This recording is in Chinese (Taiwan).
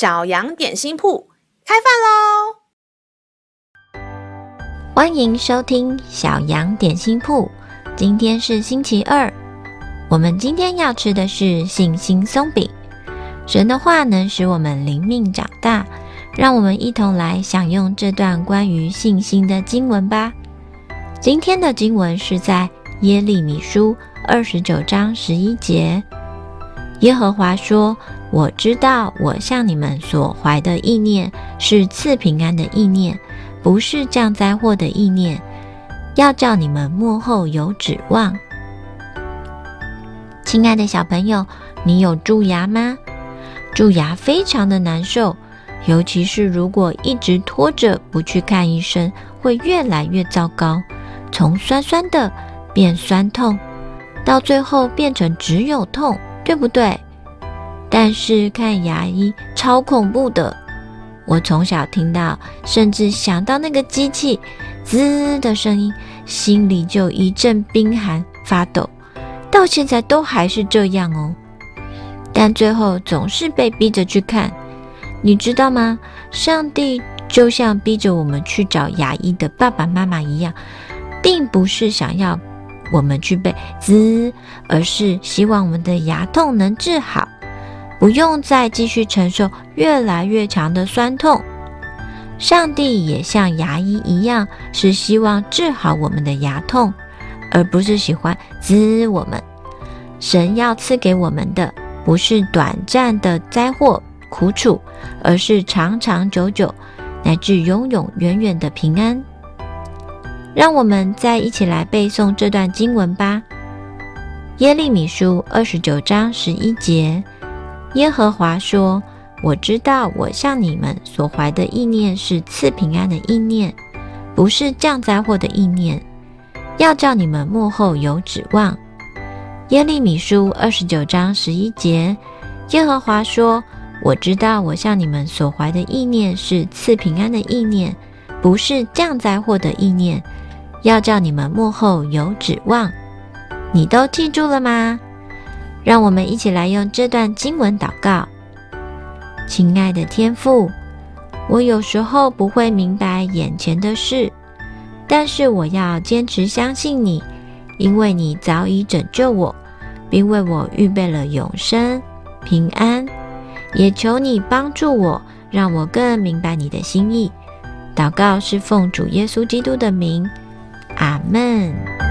小羊點心鋪開飯嘍！歡迎收聽小羊點心鋪。今天是星期二，我們今天要吃的是信心鬆餅。神的話能使我們靈命長大，讓我們一同來享用這段關於信心的經文吧。今天的經文是在耶利米書二十九章十一節，耶和華說。我知道，我向你們所懷的意念是賜平安的意念，不是降災禍的意念，要叫你們末後有指望。親愛的小朋友，你有蛀牙嗎？蛀牙非常的難受，尤其是如果一直拖着不去看醫生，會越來越糟糕，從酸酸的變酸痛，到最後變成只有痛，對不對？但是看牙醫超恐怖的，我從小聽到，甚至想到那個機器“滋”的聲音，心裡就一陣冰寒發抖，到現在都還是這樣哦。但最後總是被逼着去看，你知道嗎？上帝就像逼着我們去找牙醫的爸爸媽媽一樣，並不是想要我們去被“滋”，而是希望我們的牙痛能治好。不用再繼續承受越來越強的酸痛，上帝也像牙醫一樣，是希望治好我們的牙痛，而不是喜歡滋我們。神要賜給我們的，不是短暫的災禍苦楚，而是長長久久，乃至永永遠遠的平安。讓我們再一起來背誦這段經文吧，《耶利米書》二十九章十一節。耶和華說：“我知道，我向你們所懷的意念是賜平安的意念，不是降災禍的意念，要叫你們末後有指望。”耶利米書二十九章十一節，耶和華說：“我知道，我向你們所懷的意念是賜平安的意念，不是降災禍的意念，要叫你們末後有指望。”你都記住了嗎？讓我們一起來用這段經文禱告：親愛的天父，我有時候不會明白眼前的事，但是我要堅持相信你，因為你早已拯救我，並為我預備了永生、平安。也求你幫助我，讓我更明白你的心意。禱告是奉主耶穌基督的名，阿門。